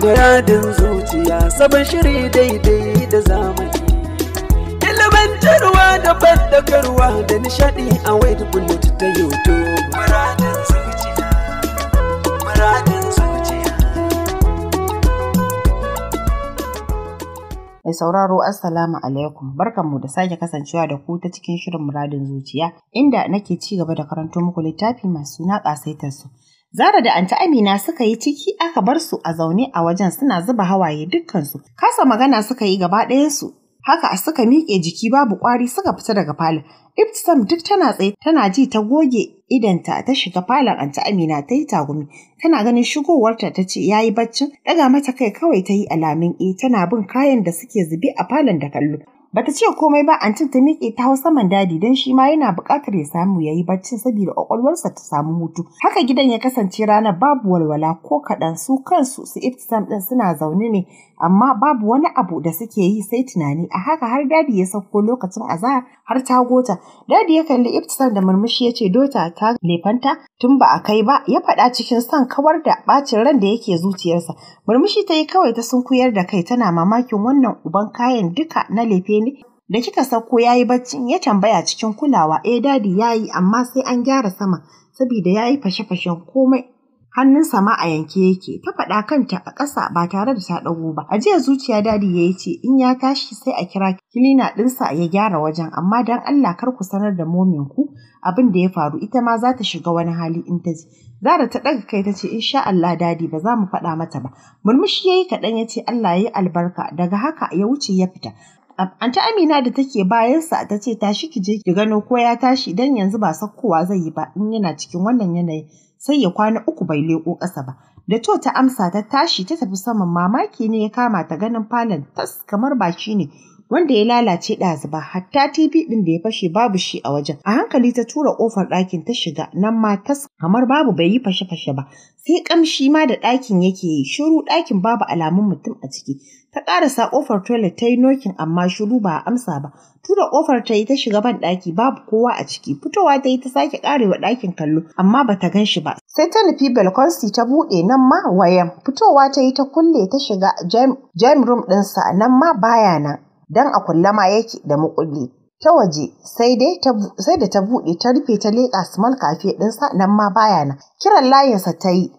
Muradin zuciya sabon shiri daidai da zamani. Ilimantarwa da bandagarwa da nishadi a wayar bullet ta YouTube. Mai sauraro Assalamu alaikum barkanmu da sake kasancewa da ku ta cikin shirin muradin zuciya inda nake ci gaba da karanto muku littafi masu suna ƙasaitarsu. Zara da Anta Amina suka yi ciki aka bar su a zaune a wajen suna zuba hawaye dukkansu. Kasa magana suka yi gaba ɗayansu. Haka a suka miƙe jiki babu ƙwari suka fita daga falon. Ibtisam duk tana tsaye tana ji ta goge idanta ta shiga falon Anta Amina ta yi tagumi. Tana ganin shigowarta ta ce ya yi baccin ɗaga mata kai kawai ta yi alamin e eh, tana bin kayan da suke zube a falon da kallo. Bata ce komai ba antin ta miƙe ta hau saman dadi don shi ma yana buƙatar ya samu ya yi bacci saboda ƙwaƙwalwarsa ta samu hutu. Haka gidan ya kasance ranar babu walwala ko kaɗan su kansu su iftisam ɗin suna zaune ne amma babu wani abu da suke yi sai tunani a haka har dadi ya sauko lokacin azahar har ta gota. Dadi ya kalli iftisam da murmushi ya ce dota ta lefanta tun ba a kai ba ya faɗa cikin son kawar da ɓacin ran da yake zuciyarsa. Murmushi ta yi kawai ta sunkuyar da kai tana mamakin wannan uban kayan duka na lefe ne? Da kika sauko ya yi bacci ya tambaya cikin kulawa, eh dadi ya yi amma sai an gyara sama, saboda ya yi fashe-fashen komai. hannun sama a yanke yake, ta faɗa kanta a ƙasa ba tare da ta ɗago ba. A jiya zuciya dadi ya yi ce in ya tashi sai a kira kilina ɗinsa ya gyara wajen, amma dan Allah kar ku sanar da momin ku abin da ya faru ita ma za ta shiga wani hali in ta ji. Zara ta ɗaga kai ta ce sha Allah dadi ba za mu faɗa mata ba. Murmushi ya yi kaɗan ya ce Allah ya yi albarka daga haka ya wuce ya fita. Anta Amina da take bayansa ta ce tashi ki je ki gano ko ya tashi dan yanzu ba sakkowa zai yi ba in yana cikin wannan yanayin. sai ya kwana uku bai leko ƙasa ba. Da to ta amsa ta tashi ta tafi saman mamaki ne ya kama ta ganin falon tas kamar ba shi ne wanda ya lalace ɗazu ba hatta TV ɗin da ya fashe babu shi a wajen. A hankali ta tura ƙofar ɗakin ta shiga nan ma tas kamar babu bai yi fashe-fashe ba sai ƙamshi ma da ɗakin yake yi shiru ɗakin babu alamun mutum a ciki. Ta ƙarasa ƙofar toilet ta yi nokin amma shiru ba a amsa ba. Tura ƙofar ta yi ta shiga ban ɗaki babu kowa a ciki. Fitowa ta yi ta sake ƙarewa ɗakin kallo amma ba ta gan shi ba. Sai ta nufi balkonsi ta buɗe nan ma wayan. Fitowa ta yi ta kulle ta shiga jam room ɗinsa nan ma baya nan. Dan a ma yake da muƙulli. ta waje sai dai sai da ta buɗe ta rufe ta leƙa small cafe ɗinsa nan ma baya nan kiran layinsa ta yi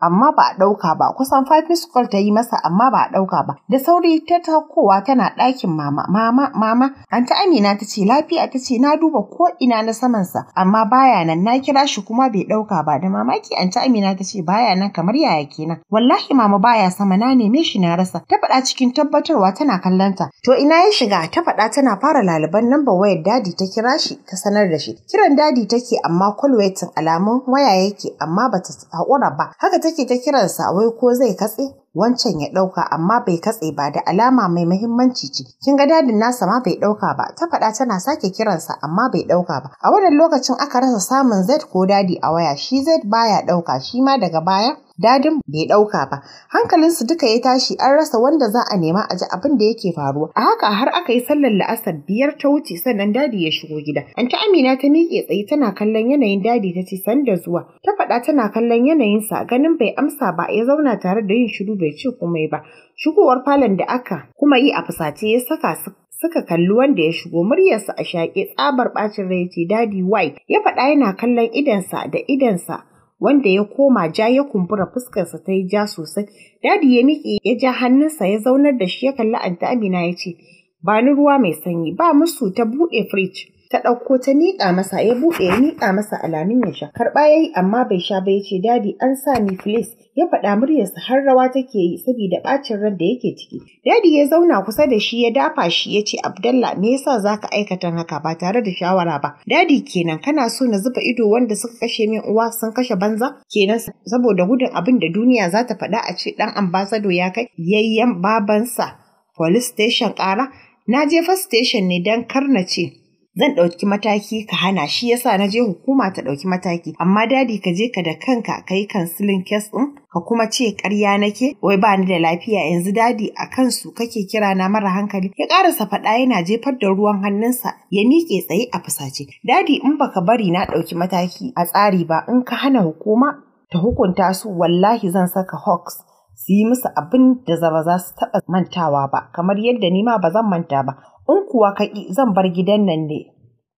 amma ba a ɗauka ba kusan five miss call ta yi masa amma ba a ɗauka ba da sauri ta taukowa tana ɗakin mama mama mama anta amina ta ce lafiya ta ce na duba ko ina na samansa amma baya nan na kira shi kuma bai ɗauka ba da mamaki anta amina ta ce baya nan kamar yaya kenan wallahi mama baya sama na neme shi na rasa ta faɗa cikin tabbatarwa tana kallonta to ina ya shiga ta faɗa tana fara laliban namba wayar dadi ta kira shi ta sanar da shi kiran dadi take amma kwalwaitin alamun waya yake amma bata haƙura ba haka take ta kiransa wai ko zai katse? Wancan ya ɗauka amma bai katse ba da alama mai muhimmanci ce. Kin ga dadin nasa ma bai ɗauka ba, ta faɗa tana sake kiransa amma bai ɗauka ba. A wannan lokacin aka rasa samun Z ko dadi a waya, shi Z baya ɗauka shi ma daga baya dadin bai ɗauka ba. Hankalinsu duka ya tashi an rasa wanda za a nema a ji abin da yake faruwa. A haka har aka yi sallar la'asar biyar ta wuce sannan dadi ya shigo gida. Anta Amina ta miƙe tsaye tana kallon yanayin dadi ta ce sanda zuwa. Ta faɗa tana kallon yanayin sa, ganin bai amsa ba ya zauna tare da yin shiru bai ce komai ba. Shigowar falon da aka kuma yi a fusace ya saka su suka kalli wanda ya shigo muryarsa a shaƙe tsabar ɓacin rai ce dadi wai ya faɗa yana kallon idansa da idansa wanda ya koma ja ya kumbura fuskarsa ta yi ja sosai. Dadi ya miƙe ya ja hannunsa ya zaunar da shi ya kalli Anta Amina ya ce, ba ni ruwa mai sanyi ba musu ta buɗe firij. ta ɗauko ta niƙa masa ya buɗe ya niƙa masa alamin ya sha karɓa ya yi amma bai sha ba ya ce dadi an sa ni filis ya faɗa muryarsa har rawa take yi saboda ɓacin ran da yake ciki dadi ya zauna kusa da shi ya dafa shi ya ce abdallah me yasa za ka aikata haka ba tare da shawara ba dadi kenan kana so na zuba ido wanda suka kashe min uwa sun kashe banza kenan saboda gudun abin da duniya za ta faɗa a ce ɗan ambasado ya kai yayyan babansa police station ƙara na je station ne don ce. zan ɗauki mataki ka hana shi yasa na je hukuma ta ɗauki mataki amma dadi ka je ka da kanka ka yi kansilin kes ɗin ka kuma ce ƙarya nake wai ba ni da lafiya yanzu dadi a kansu kake kira na mara hankali ya ƙarasa faɗa yana jefar da ruwan hannunsa ya miƙe tsaye a fusace dadi in baka bari na ɗauki mataki a tsari ba in ka hana hukuma ta hukunta su wallahi zan saka hawks su yi musu abin da ba za su taɓa mantawa ba kamar yadda ni ma ba zan manta ba in kuwa ka zan bar gidan nan ne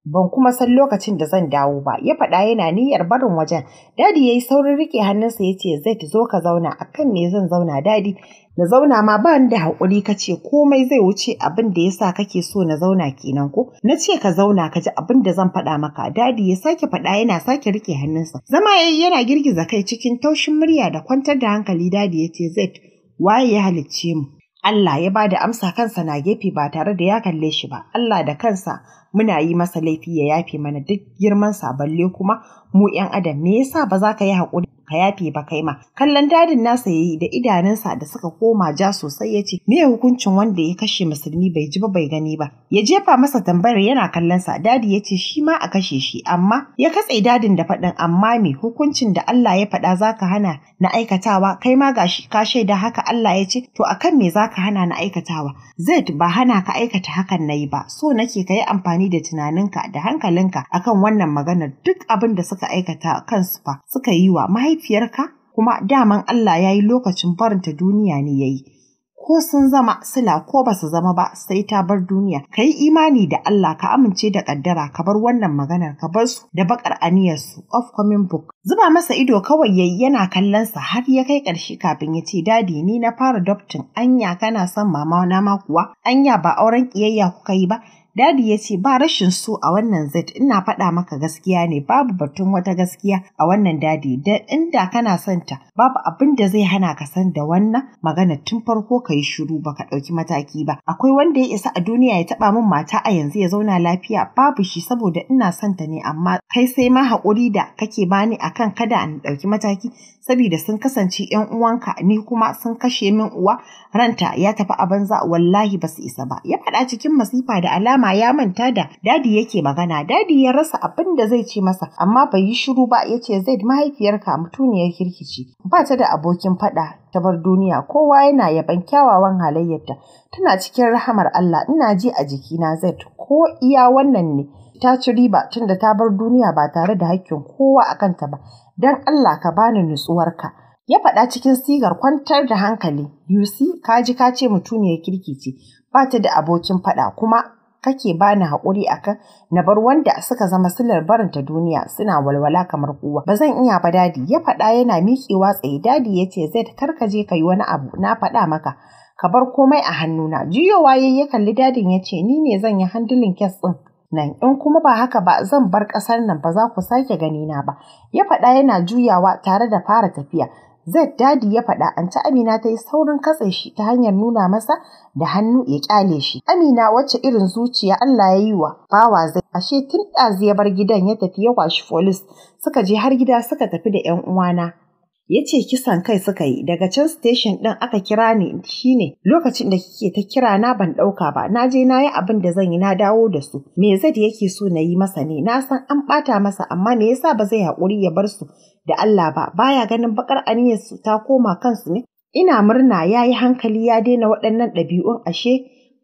ban kuma san lokacin da zan dawo ba ya faɗa yana niyyar barin wajen dadi ya yi saurin rike hannunsa ya ce zai zo ka zauna A kan ne zan zauna dadi na zauna ma ba da haƙuri ka ce komai zai wuce abin da ya sa kake so na zauna kenan ko na ce ka zauna ka ji abin da zan faɗa maka dadi ya sake faɗa yana sake rike hannunsa zama yayi yana girgiza kai cikin taushin murya da kwantar da hankali dadi ya ce zai waye ya halicce mu Allah ya ba da amsa kansa na gefe ba tare da ya kalle shi ba, Allah da kansa muna yi masa laifi ya yafe mana duk girman sa balle kuma mu ‘yan adam me yasa ba za ka yi haƙuri ka yafe ba kai ma kallon dadin nasa yayi da idanunsa da suka koma ja sosai yace ce me hukuncin wanda ya kashe musulmi bai ji ba bai gani ba ya jefa masa tambayar yana kallon sa dadi yace shi ma a kashe shi amma ya katse dadin da faɗin amma me hukuncin da Allah ya faɗa zaka hana na aikatawa kai ma gashi ka shaida haka Allah ya ce to akan me zaka hana na aikatawa zai ba hana ka aikata hakan nayi ba so nake ka yi amfani da tunaninka da hankalinka akan wannan maganar duk abin da suka aikata kansu fa suka yi wa mahaifi mahaifiyarka kuma daman Allah ya yi lokacin barinta duniya ne ya yi. Ko sun zama sila ko ba su zama ba sai ta bar duniya, ka yi imani da Allah ka amince da ƙaddara ka bar wannan maganar ka bar su da bakar aniyarsu of coming book. Zuba masa ido kawai yayi yana kallon sa, har ya kai ƙarshe kafin ya ce dadi ni na fara doftin anya kana son mama na ma kuwa anya ba auren ƙiyayya kuka yi ba Dadi ya ce ba rashin so a wannan Z ina faɗa maka gaskiya ne babu batun wata gaskiya a wannan dadi da inda kana santa babu abin da zai hana ka san da wannan magana tun farko ka yi shiru ba ka ɗauki mataki ba. Akwai wanda ya isa a duniya ya taɓa min mata a yanzu ya zauna lafiya babu shi saboda ina santa ne amma kai sai ma haƙuri da kake bani akan kada in ɗauki mataki saboda sun kasance 'yan uwanka ni kuma sun kashe min uwa ranta ya tafi a banza wallahi ba su isa ba. Ya faɗa cikin masifa da alama kama ya manta da dadi yake magana dadi ya rasa abin da zai ce masa amma bai yi shiru ba ya ce zaid mahaifiyarka mutuniyar kirkici ba ta da abokin fada ta bar duniya kowa yana yaban kyawawan halayyarta tana cikin rahamar Allah ina ji a jikina zaid ko iya wannan ne ta ci riba tunda ta bar duniya ba tare da hakkin kowa a kanta ba don Allah ka bani nutsuwarka ya faɗa cikin sigar kwantar da hankali. Yusi, kaji ka ce mutuniyar kirki ce, ba ta da abokin faɗa kuma kake bani haƙuri akan na bar wanda suka zama silar barinta duniya suna walwala kamar kowa ba zan iya ba dadi ya faɗa yana miƙewa tsaye dadi ya ce zai je ka yi wani abu na faɗa maka ka bar komai a hannuna juyowa yayi ya kalli dadin ya ce ni ne zan yi handilin kes ɗin nan in kuma ba haka ba zan bar ƙasar nan ba za ku sake ganina ba ya faɗa yana juyawa tare da fara tafiya Zed dadi ya faɗa an ta Amina ta yi saurin katse shi ta hanyar nuna masa da hannu ya ƙyale shi. Amina wacce irin zuciya Allah ya yi wa bawa zai ashe tun ɗazu ya bar gidan ya tafi ya kwashi folis suka je har gida suka tafi da ‘yan uwana. ya ce kisan kai suka yi daga can station ɗin aka kira ni shine lokacin da kike ta kira na ban ɗauka ba na je na yi abin da zan yi na dawo da su me zai yake so na yi masa ne na san an ɓata masa amma me yasa ba zai haƙuri ya bar su da Allah ba baya ganin bakar aniyar su ta koma kansu ne ina murna ya yi hankali ya daina waɗannan ɗabi'un ashe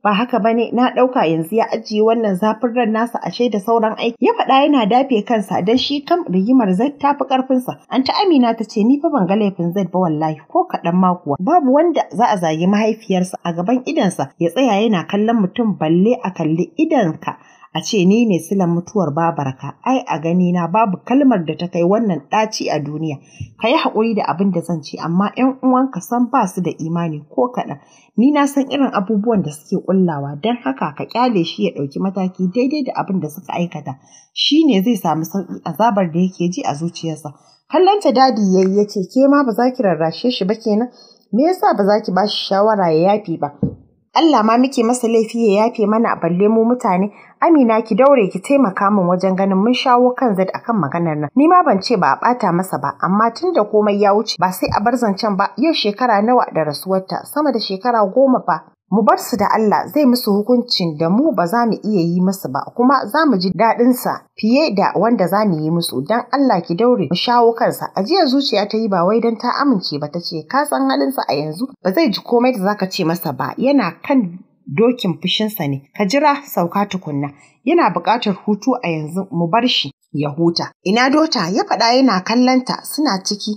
ba haka bane na ɗauka yanzu ya ajiye wannan zafin ran nasa ashe da sauran aiki ya faɗa yana dafe kansa dan shi kam rigimar zai tafi fi ƙarfinsa an ta amina ta ce ni fa ban ga laifin zai ba wallahi ko kaɗan ma kuwa babu wanda za a zagi mahaifiyarsa a gaban idansa ya tsaya yana kallon mutum balle a kalli idanka a ce ni ne silan mutuwar babarka ai a gani na babu kalmar da ta kai wannan ɗaci a duniya ka yi haƙuri da abin da zan ce amma 'yan uwanka san ba su da imani ko kaɗan ni na san irin abubuwan da suke ƙullawa don haka ka ƙyale shi ya ɗauki mataki daidai da abin da suka aikata shi ne zai samu sauƙi azabar da yake ji a zuciyarsa Kallon ta dadi yayi ya ce ke ma ba za ki rarrashe shi ba kenan me yasa ba za ki ba shi shawara ya yafi ba Allah ma muke masa laifi ya yafe mana a balle mu mutane. Amina ki daure ki taimaka min wajen ganin mun shawo kan a akan maganar nan. Ni ma ban ce ba a bata masa ba, amma tun da komai ya wuce ba sai a bar zancen ba yau shekara nawa da rasuwarta sama da shekara goma ba. mu bar su da Allah zai musu hukuncin da mu ba za mu iya yi musu ba kuma za mu ji sa fiye da wanda za mu yi musu dan Allah ki daure mu shawo kansa ajiya zuciya ta yi ba wai dan ta amince ba ta ce ka san halin sa a yanzu ba zai ji komai da zaka ce masa ba yana kan dokin fushinsa ne ka jira sauka tukunna yana buƙatar hutu a yanzu mu bar shi ya huta ina dota ya faɗa yana kallanta suna ciki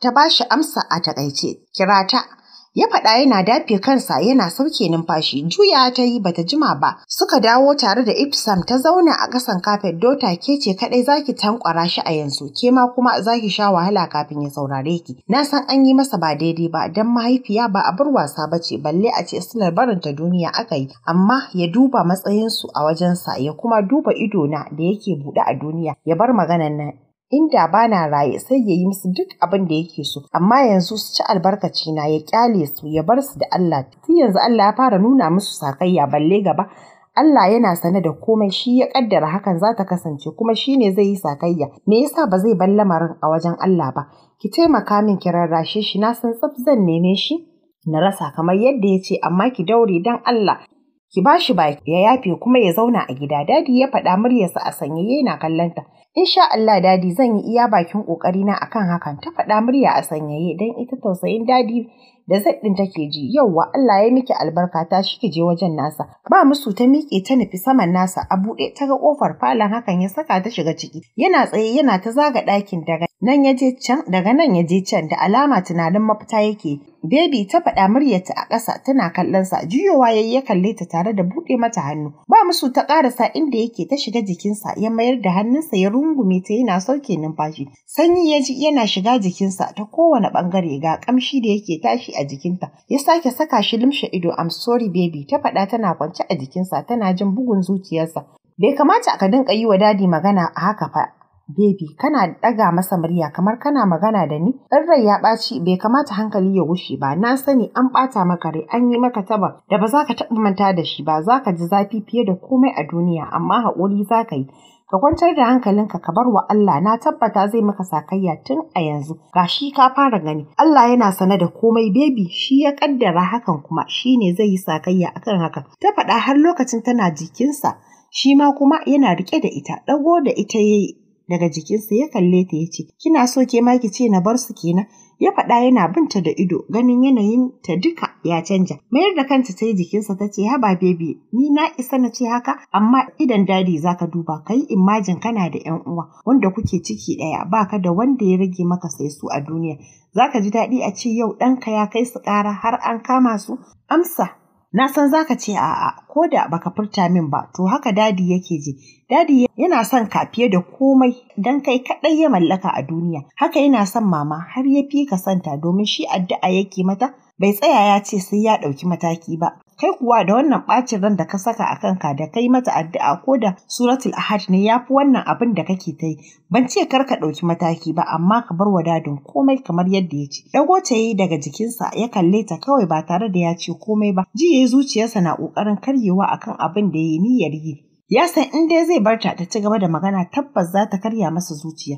ta ba shi amsa a taƙaice kirata ya faɗa yana dafe kansa yana sauke numfashi juya ta yi bata jima ba suka dawo tare da ipsam ta zauna a ƙasan kafet dota ke ce kadai zaki tankwara shi a yanzu ke ma kuma zaki sha wahala kafin ya saurare ki na san an yi masa ba daidai ba dan mahaifiya ba a bar wasa ba ce, balle a ce silar barin ta duniya aka yi amma ya duba matsayinsu a wajensa ya kuma duba ido na da yake buɗe a duniya ya bar maganan nan inda ba na raye sai ya yi musu duk abin da yake so amma yanzu su ci albarkaci na ya kyale su ya bar su da Allah tun yanzu Allah ya fara nuna musu sakayya balle gaba Allah yana sane da komai shi ya kaddara hakan za ta kasance kuma shi ne zai yi sakayya me yasa ba zai bar lamarin a wajen Allah ba ki taimaka min ki rarrashe shi na san tsaf zan neme shi na rasa kamar yadda ya ce amma ki daure dan Allah ki ba shi baki ya yafe kuma ya zauna a gida dadi ya faɗa muryarsa a sanye yana kallonta In sha Allah dadi zan yi iya bakin na akan hakan ta faɗa murya a sanyaye dan ita tausayin dadi da zaddin take ji yauwa Allah ya miki albarka ta shi kije wajen nasa ba musu ta miƙe ta nufi saman nasa a buɗe ta ga ƙofar falon hakan ya saka ta shiga ciki yana tsaye yana ta zaga ɗakin daga nan ya je can daga nan ya je can da alama tunanin mafita yake Baby ta faɗa muryarta a ƙasa tana kallonsa juyowa ya ya kalle ta tare da buɗe mata hannu ba musu ta ƙarasa inda yake ta shiga jikinsa ya mayar da hannunsa ya rungume ta yana sauke numfashi. Sanyi ya ji yana shiga jikinsa ta kowane ɓangare ga ƙamshi da yake tashi a jikinta. Ya sake saka shi limshe ido I'm sorry baby ta faɗa tana kwance a jikinsa tana jin bugun zuciyarsa. Bai kamata ka dinka yi wa dadi magana a haka fa Baby, kana daga masa murya kamar kana magana da ni? In rai ya ɓaci bai kamata hankali ya wuce ba, na sani an ɓata maka rai an yi maka taba da ba za ka taɓa manta da shi ba, za ka ji zafi fiye da komai a duniya amma haƙuri za ka yi. ka kwantar da hankalinka ka bar wa Allah na tabbata zai maka sakayya tun a yanzu Ga shi ka fara gani Allah yana sane da komai bebi shi ya kaddara hakan kuma shi ne zai yi sakayya akan haka ta faɗa har lokacin tana jikinsa shi ma kuma yana rike da ita ɗago da ita yayi daga jikinsa ya kalle ta ya ce kina so ke ma ki ce na bar su kenan ya faɗa yana binta da ido ganin yanayin ta duka ya canja mayar da kanta ta jikinsa ta ce haba bebe ni na isa na ce haka amma idan dadi zaka duba ka yi imajin kana da yan uwa wanda kuke ciki ɗaya baka da wanda ya rage maka sai su a duniya zaka ji daɗi a ce yau ɗanka ya kai su ƙara har an kama su amsa Na san za ka ce a'a ko da baka furta min ba to haka dadi yake ji. Dadi yana son ka fiye da komai don kai kaɗai ya mallaka a duniya. Haka yana son mama har ya fi ka santa domin shi addu'a yake mata bai tsaya ya ce sai ya ɗauki mataki ba. kai kuwa da wannan bacin ran da ka saka a kanka da kai mata addu'a ko da suratul ahad ne ya fi wannan abin da kake ta yi ban ce kar ka ɗauki mataki ba amma ka bar wadadin komai kamar yadda ya ce ɗago ta yi daga jikinsa ya kalle ta kawai ba tare da ya ce komai ba ji ya zuciyarsa na ƙoƙarin karyewa akan abin da ya yi niyyar yi ya san in dai zai bar ta ta ci gaba da magana tabbas za ta karya masa zuciya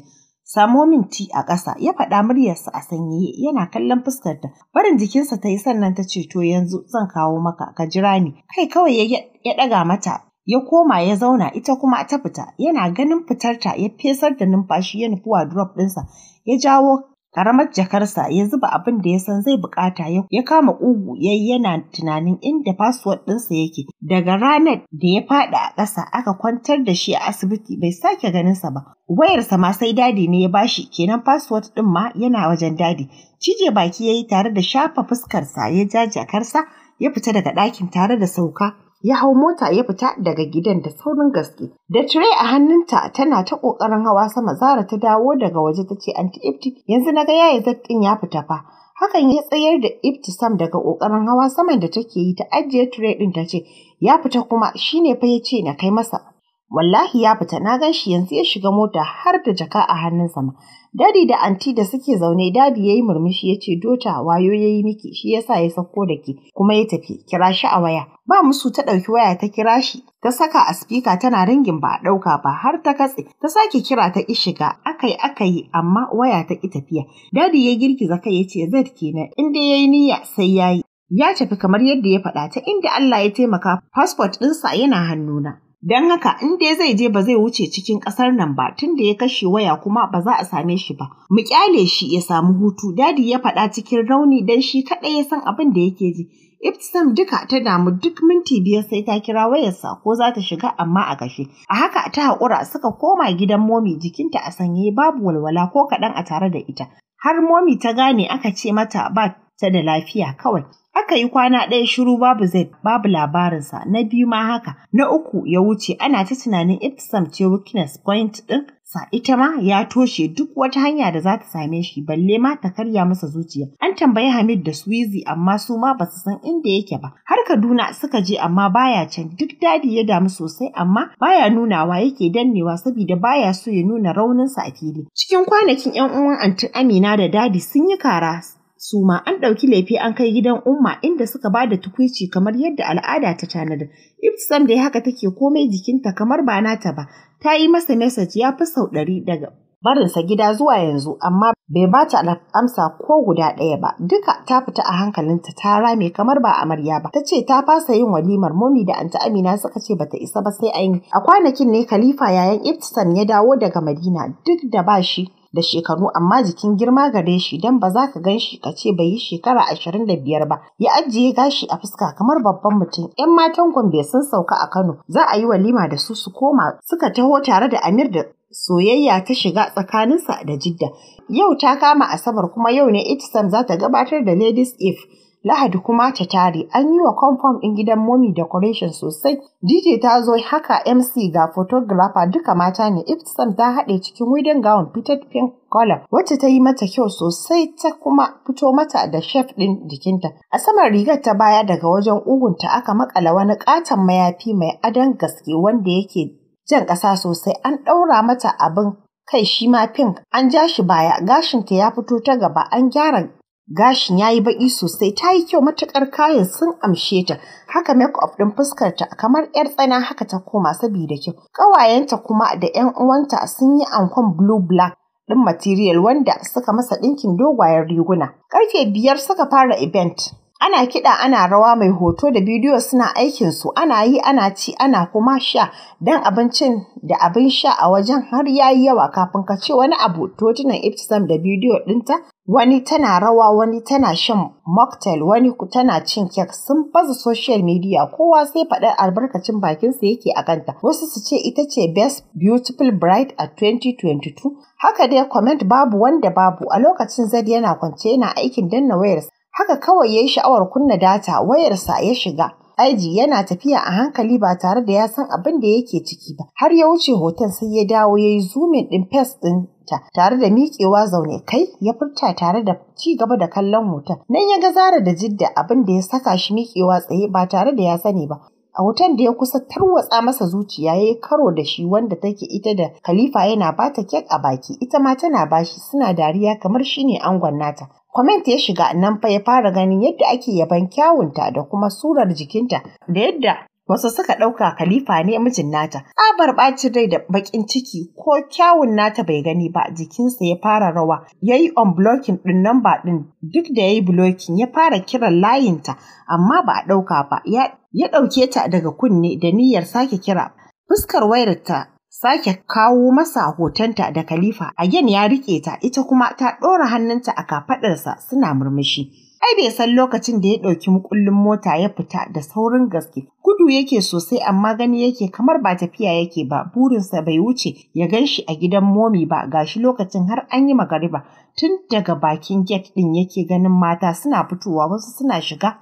samo min ti a ƙasa ya faɗa muryarsa a sanyi yana kallon fuskarta barin jikinsa ta yi sannan ta ce to yanzu zan kawo maka ka jira ni kai kawai ya ɗaga mata ya koma ya zauna ita kuma ta fita yana ganin fitarta ya fesar da numfashi ya nufi drop ɗinsa ya jawo karamar jakarsa ya zuba abin da ya san zai bukata ya kama ƙugu ya yana tunanin inda fasuwar ɗinsa yake daga ranar da ya faɗi a ƙasa aka kwantar da shi a asibiti bai sake ganinsa ba wayarsa ma sai dadi ne ya bashi kenan fasuwar ɗin ma yana wajen dadi cije baki ya yi tare da shafa fuskarsa ya ja jakarsa ya fita daga ɗakin tare da sauka ya hau mota ya fita daga gidan da saurin gaske. Da tire a hannunta tana ta ƙoƙarin hawa sama Zara ta dawo daga waje ta ce anti ifti yanzu na ga yaya zaƙin ya fita fa. Hakan ya tsayar da Ifti sam daga ƙoƙarin hawa saman da take yi ta ajiye tire ɗin ta ce ya fita kuma shine fa ya ce na kai masa. Wallahi ya fita na gan shi yanzu ya shiga mota har da jaka a hannunsa ma. Dadi da anti da suke zaune dadi ya yi murmushi ya ce dota wayo ya yi miki shi yasa ya sauko da ke kuma ya tafi kira shi a waya. Ba musu ta ɗauki waya ta kira shi ta saka a spika tana ringin ba a ɗauka ba har ta katse ta sake kira ta ƙi shiga akai akai amma waya ta ƙi tafiya. Dadi ya girgiza kai ya ce zai kenan in dai ya yi niyya sai ya yi. Ya tafi kamar yadda ya faɗa ta inda Allah ya taimaka fasfot ɗinsa yana hannuna. Don haka in dai zai je ba zai wuce cikin ƙasar nan ba tun da ya kashe waya kuma ba za a same shi ba. Mu kyale shi ya samu hutu, dadi ya faɗa cikin rauni don shi kaɗai ya san abin da yake ji. Ibtisam duka ta damu duk minti biyar sai ta kira wayarsa ko za ta shiga amma a kashe. A haka ta haƙura suka koma gidan momi jikinta a sanye babu walwala ko kaɗan a tare da ita. Har momi ta gane aka ce mata ba ta da lafiya kawai. Aka yi kwana ɗaya shiru babu zai babu labarinsa, na biyu ma haka, na uku ya wuce ana ta tunanin Ipsum ce weakness point ɗin sa ita ma ya toshe duk wata hanya da za ta same shi balle ma ta karya masa zuciya. An tambayi Hamid da Swizi amma su ma ba su san inda yake ba. Har Kaduna suka je amma baya can duk dadi ya damu sosai amma baya nunawa yake dannewa saboda baya so ya nuna rauninsa a fili. Cikin kwanakin 'yan uwan antin Amina da dadi sun yi kara Suma, an ɗauki laifi an kai gidan umma inda suka ba da tukuici kamar yadda al'ada ta tanada. Ibsam dai haka take komai jikinta kamar ba nata ba, ta yi masa message ya fi sau ɗari daga barinsa gida zuwa yanzu amma bai ba ta amsa ko guda ɗaya ba duka ta fita a hankalinta ta rame kamar ba amarya ba ta ce ta fasa yin walimar momi da anta amina suka ce bata isa ba sai an yi a kwanakin ne khalifa yayan ibsam ya dawo daga madina duk da ba shi da shekaru amma jikin girma gare shi don ba za ka gan shi ka ce bai yi shekara ashirin da biyar ba ya ajiye gashi a fuska kamar babban mutum yan matan gombe sun sauka a kano za a yi walima da su su koma suka taho tare da amir da soyayya ta shiga tsakaninsa da jidda yau ta kama asabar kuma yau ne itsam za ta gabatar da ladies if Lahadi kuma ta tare an yi wa kwamfam ɗin gidan Momi decoration sosai. DJ ta zo haka MC ga photographer duka mata ne Ipsum ta haɗe cikin wedding gown fitted pink color wacce ta yi mata kyau sosai ta kuma fito mata da chef ɗin jikinta. A saman rigar ta baya daga wajen ugunta aka makala wani ƙaton mayafi mai adon gaske wanda yake jan ƙasa sosai an ɗaura mata abin kai shi ma pink an ja shi baya gashinta ya fito ta gaba an gyara Gashin ya yi baƙi sosai, ta yi kyau matuƙar kayan sun amshe ta, haka make-up ɗin fuskarta kamar 'yar tsana haka ta koma sabida kyau. Ƙawayenta kuma da 'yan uwanta sun yi ankon blue black ɗin material wanda suka masa ɗinkin dogayen riguna. Ƙarfe biyar suka fara event. ana kiɗa ana rawa mai hoto da bidiyo suna aikinsu ana yi ana ci ana kuma sha don abincin da abin sha a wajen har ya yi yawa kafin ka ce wani abu totunan ibtisam da bidiyo ɗinta wani tana rawa wani tana shan mocktail wani tana cin kek sun baza social media kowa sai faɗar albarkacin bakinsa yake a kanta wasu su ce ita ce best beautiful bride a 2022 haka dai comment babu wanda babu a lokacin zadi yana kwance yana aikin danna wayarsa Haka kawai ya yi sha'awar kunna data wayarsa ya shiga. Aiji yana tafiya a hankali ba tare da ya san abin da yake ciki ba. Har ya wuce hoton sai ya dawo ya yi zoomin ɗin fes ɗin ta tare da miƙewa zaune kai ya furta tare da ci gaba da kallon hoton. Nan ya ga Zara da Jidda abin da ya saka shi miƙewa tsaye ba tare da ya sani ba. a hoton da ya kusa tarwatsa masa zuciya ya yi karo da shi wanda take ita da khalifa yana bata kek a baki ita ma tana bashi suna dariya kamar shine angon nata Comment ya shiga nan fa ya fara ganin yadda ake yaban kyawunta da kuma surar jikinta da yadda wasu suka ɗauka kalifa ne mijin nata. Tsabar ɓacin rai da baƙin ciki ko kyawun nata bai gani ba jikinsa ya fara rawa ya yi unblocking ɗin namba ɗin duk da ya yi blocking ya fara kiran layinta amma ba a ɗauka ba ya ɗauke ta daga kunne da niyyar sake kira. Fuskar wayarta sake kawo masa hotonta da Khalifa Again ya rike ta ita kuma ta ɗora hannunta a kafaɗarsa suna murmushi. Ai bai san lokacin da ya ɗauki mukullin mota ya fita da saurin gaske. Gudu yake sosai amma gani yake kamar ba tafiya yake ba burinsa bai wuce ya gan shi a gidan momi ba gashi lokacin har an yi magariba tun daga bakin gate ɗin yake ganin mata suna fitowa wasu suna shiga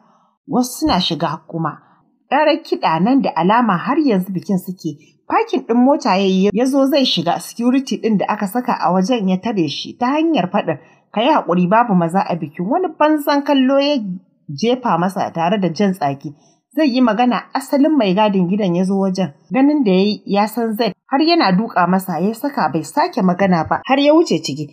wasu suna shiga kuma. Ɗarar kiɗa nan da alama har yanzu bikin suke Fakin ɗin mota ya yi ya zo zai shiga security ɗin da aka saka a wajen ya tare shi ta hanyar faɗin ka yi haƙuri babu maza a bikin wani banzan kallo ya jefa masa tare da jan tsaki. Zai yi magana asalin mai gadin gidan ya zo wajen ganin da ya yi ya san zai har yana duka masa ya saka bai sake magana ba har ya wuce ciki.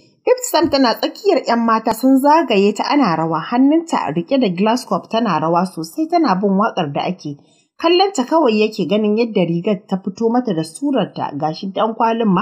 sam" tana tsakiyar 'yan mata sun zagaye ta ana rawa hannunta a rike da glass tana rawa sosai tana bin waƙar da ake. Kallonta kawai yake ganin yadda rigar ta fito mata da surarta gashi dan kwalin ma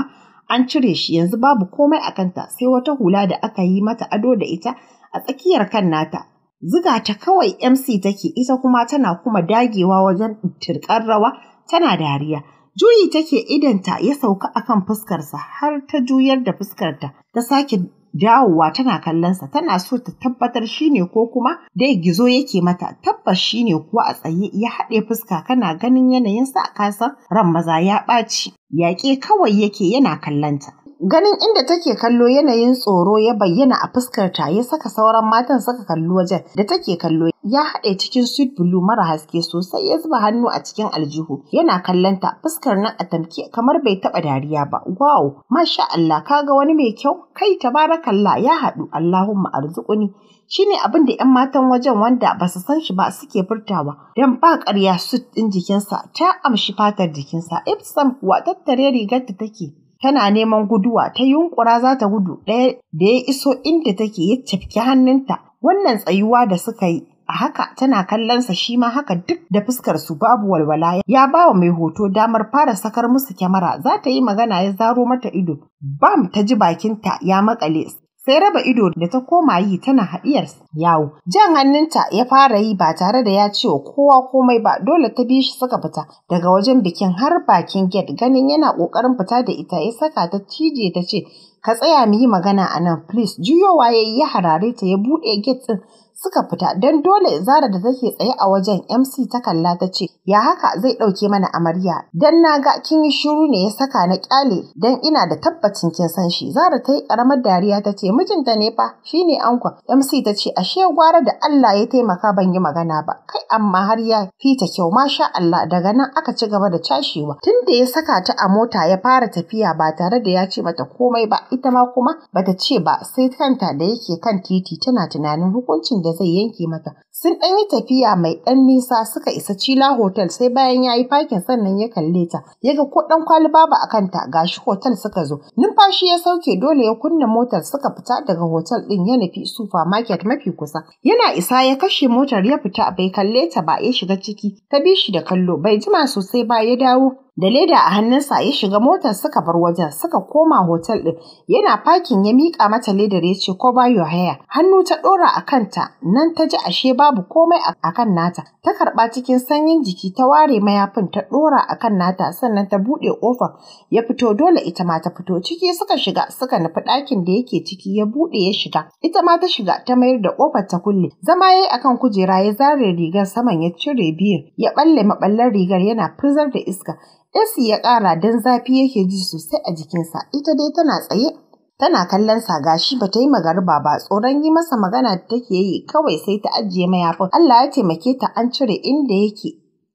an cire shi yanzu babu komai a kanta sai wata hula da aka yi mata ado da ita a tsakiyar kan nata. Ziga ta kawai MC take ita kuma tana kuma dagewa wajen tirkar rawa tana dariya. Juyi take idanta ya sauka akan fuskarsa har ta juyar da fuskarta ta sake dawowa tana kallonsa tana so ta tabbatar shi ne ko kuma dai gizo yake mata tabbas shi ne kuwa a tsaye ya haɗe fuska kana ganin yanayinsa a kasan ran maza ya ɓaci yaƙe kawai yake yana kallonta. Ganin inda take kallo yanayin tsoro ya bayyana a fuskarta ya saka sauran matan saka kallo wajen da take kallo ya haɗe cikin suit blue mara haske sosai ya zuba hannu a cikin aljihu yana kallonta fuskar nan a tamke kamar bai taɓa dariya ba wow masha Allah kaga wani mai kyau kai tabarakallah ya haɗu Allahumma arzuquni shine abin da 'yan matan wajen wanda ba su san shi ba suke furtawa don ba ƙarya suit ɗin jikinsa ta amshi fatar jikinsa Ibsam kuwa tattare rigar ta take tana neman guduwa ta yunkura za ta gudu ɗaya da ya iso inda take ya cafke hannunta wannan tsayuwa da suka yi a haka tana kallonsa shi ma haka duk da fuskar su babu walwala ya bawa mai hoto damar fara sakar musu kyamara za ta yi magana ya zaro mata ido bam ta ji bakinta ya makale sai raba ido da ta koma yi tana haɗiyar yawo. Jan hannunta ya fara yi ba tare da ya ce wa kowa komai ba dole ta bi shi suka fita daga wajen bikin har bakin gate ganin yana ƙoƙarin fita da ita ya saka ta cije ta ce ka tsaya mu yi magana a nan please juyowa ya yi ya harare ta ya buɗe gate ɗin suka fita don dole zara da take tsaye a wajen MC ta kalla ta ce ya haka zai ɗauke mana amarya Don na ga kin yi shiru ne ya saka na kyale don ina da tabbacin kin san shi zara ta yi karamar dariya ta ce mijinta ne fa shine ankwa MC ta ce ashe gwara da Allah ya taimaka ban yi magana ba kai amma har ya fita kyau ma sha Allah daga nan aka ci gaba da cashewa tunda ya saka ta a mota ya fara tafiya ba tare da ya ce mata komai ba ita ma kuma bata ce ba sai kanta da yake kan titi tana tunanin hukuncin da zai yanke mata Sun ɗan yi tafiya mai ɗan nisa suka isa Cila Hotel sai bayan ya yi fakin sannan ya kalle ta. Ya ga ko ɗan kwali babu a kanta gashi hotel suka zo. Numfashi ya sauke dole ya kunna motar suka fita daga hotel ɗin ya nufi supermarket mafi kusa. Yana isa ya kashe motar ya fita bai kalle ta ba ya shiga ciki ta bi shi da kallo bai jima sosai ba ya dawo da leda a hannunsa ya shiga motar suka bar wajen suka koma hotel ɗin yana fakin ya miƙa mata ledar ya ce ko ba your haya hannu ta ɗora a kanta nan ta ji ashe ba babu komai a kan nata. Ta karɓa cikin sanyin jiki ta ware mayafin ta ɗora a kan nata sannan ta buɗe ƙofar ya fito dole ita ma ta fito ciki suka shiga suka nufi ɗakin da yake ciki ya buɗe ya shiga. Ita ma ta shiga ta mayar da ƙofar ta kulle. Zama ya yi a kan kujera ya zare rigar saman ya cire biyun ya ɓalle maɓallar rigar yana fizar da iska. Esi ya ƙara don zafi yake ji sosai a jikinsa ita dai tana tsaye Tana kallon sa gashi ba ta yi magariba ba tsoron yi masa magana da take yi kawai sai ta ajiye mayafin. Allah ya taimake ta an cire inda yake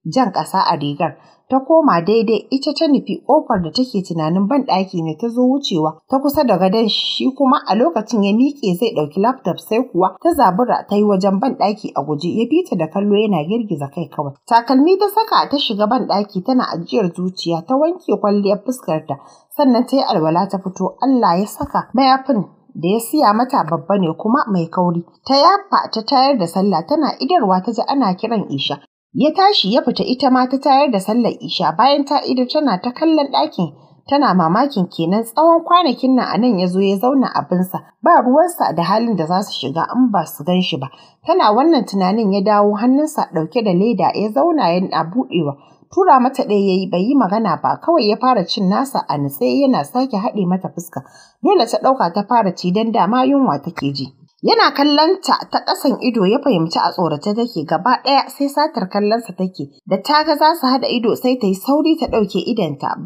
jan ƙasa a rigar. ta koma daidai ita ta nufi ƙofar da take tunanin banɗaki ne ta zo wucewa ta kusa da gadon shi kuma a lokacin ya miƙe zai ɗauki laptop sai kuwa ta zabura ta yi wajen banɗaki a guje ya bi ta da kallo yana girgiza kai kawai takalmi ta saka ta shiga banɗaki tana ajiyar zuciya ta wanke kwalliyar fuskarta sannan ta yi alwala ta fito Allah ya saka mayafin da ya siya mata babba ne kuma mai kauri. Ta yafa ta tayar da sallah tana idarwa ta ji ana kiran Isha. Ya tashi ya fita ita ma ta tayar da sallar isha bayan ta ido tana ta kallon ɗakin tana mamakin kenan tsawon kwanakin nan a nan ya zo ya zauna abinsa ba ruwansa da halin da za su shiga in ba su gan shi ba tana wannan tunanin ya dawo hannunsa ɗauke da leda ya zauna yana buɗewa tura mata ɗaya ya yi bai yi magana ba kawai ya fara cin nasa a nutse yana sake haɗe mata fuska dole ta ɗauka ta fara ci don dama yunwa take ji. Yana kallon ta ta ƙasan ido ya fahimci a tsorace take gaba ɗaya sai satar kallonsa take da ta ga za su haɗa ido sai ta yi sauri ta ɗauke idanta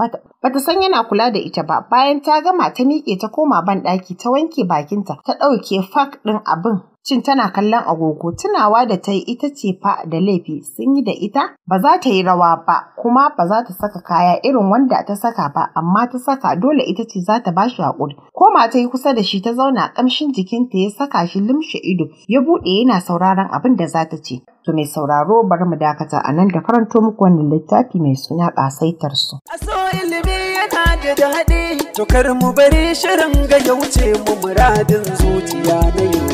ba ta san yana kula da ita ba bayan ta gama ta miƙe ta koma ban ɗaki ta wanke bakinta ta ɗauke fak ɗin abin Cin tana kallon agogo tunawa da ta yi ita ce fa da laifi sun yi da ita ba za ta yi rawa ba kuma ba za ta saka kaya irin wanda ta saka ba amma ta saka dole ita ce za ta ba shi haƙuri. ma ta yi kusa da shi ta zauna ƙamshin jikinta ya saka shi limshe ido ya buɗe yana sauraron abin da za ta ce. To mai sauraro bari mu dakata a nan da karanto muku wannan littafi mai suna ƙasaitar su. A yana da daɗi, to kar mu bari shirin ga ya wuce mu muradin zuciya na yau.